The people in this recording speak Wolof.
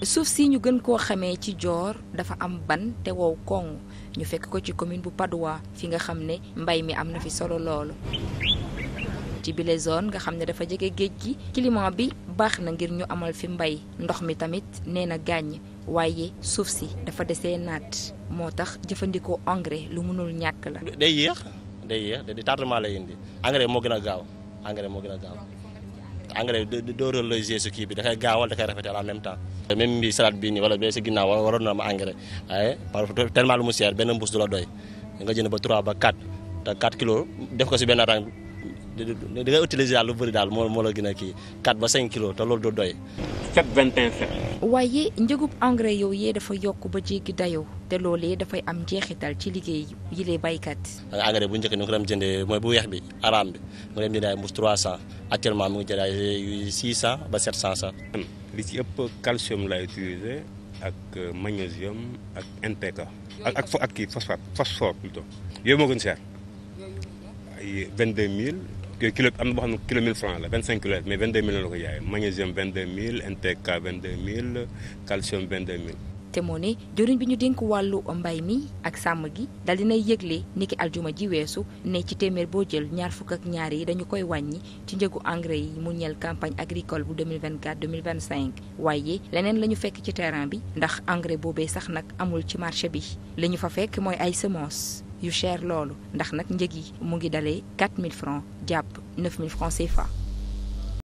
suuf si ñu gën koo xamee ci joor dafa am ban te wow koŋ ñu fekk ko ci commune bu Patte d'Oie fi nga xam ne mbay mi am na fi solo loolu ci bile zone nga xam ne dafa jege géej gi climat bi baax na ngir ñu amal fi mbay ndox mi tamit nee na gàññ waaye suuf si dafa dese naat moo tax jëfandikoo engrais lu mënul ñàkk la day yéex day yéex di la lay indi engrais moo gën a gaaw engrais moo gën a gaaw engrais bi doo lay gisee si kii bi dafay gaawal dafay rafetal en même temps. même bi salade bii nii wala bee si ginnaaw waroon na ma engrais waaye par tellement lu mu seer benn mbuus du la doy nga jënd ba 3 ba 4 te 4 kilos def ko si benn rang di nga utiliser daal lu bëri daal moo moo la gën a kii 4 ba 5 kilos te loolu du doy. waaye njëgub engrais yow yee dafa yokk ba jéggi dayoo te loolee dafay am njeexital ci liggéey yi lay baykat. engrais bu njëkk ñu ko dem jëndee mooy bu weex bi araam bi mu dem jëndee ay mbuus 300 actuellement mu ba 700 sax. li ci ëpp calcium lay utiliser ak euh, magnésium ak NPK. ak ak ak kii phosphate phosphore plutôt yooyu moo gën cher ay 22 000. kilo am na boo xam ne kilo 1000 francs la 25 kilos mais 22000 la ko jaayee magnésium 22000 NPK 22000 calcium 22000. te moo ne jëriñ bi ñu dénk wàllu mbay mi ak sàmm gi dal dinay yëgle niki aljuma ji weesu ne ci téeméer boo jël ñaar fukk ak ñaar yi dañu koy wàññi ci njëgu engrais yi mu ñeel campagne agricole bu 2024 2025 waaye leneen la ñu fekk ci terrain bi ndax engrais boobee sax nag amul ci marché bi lañu fa fekk mooy ay semences. yu cher loolu ndax nag njëg yi mu ngi dalee 4000 francs jàpp 9000 francs CFA.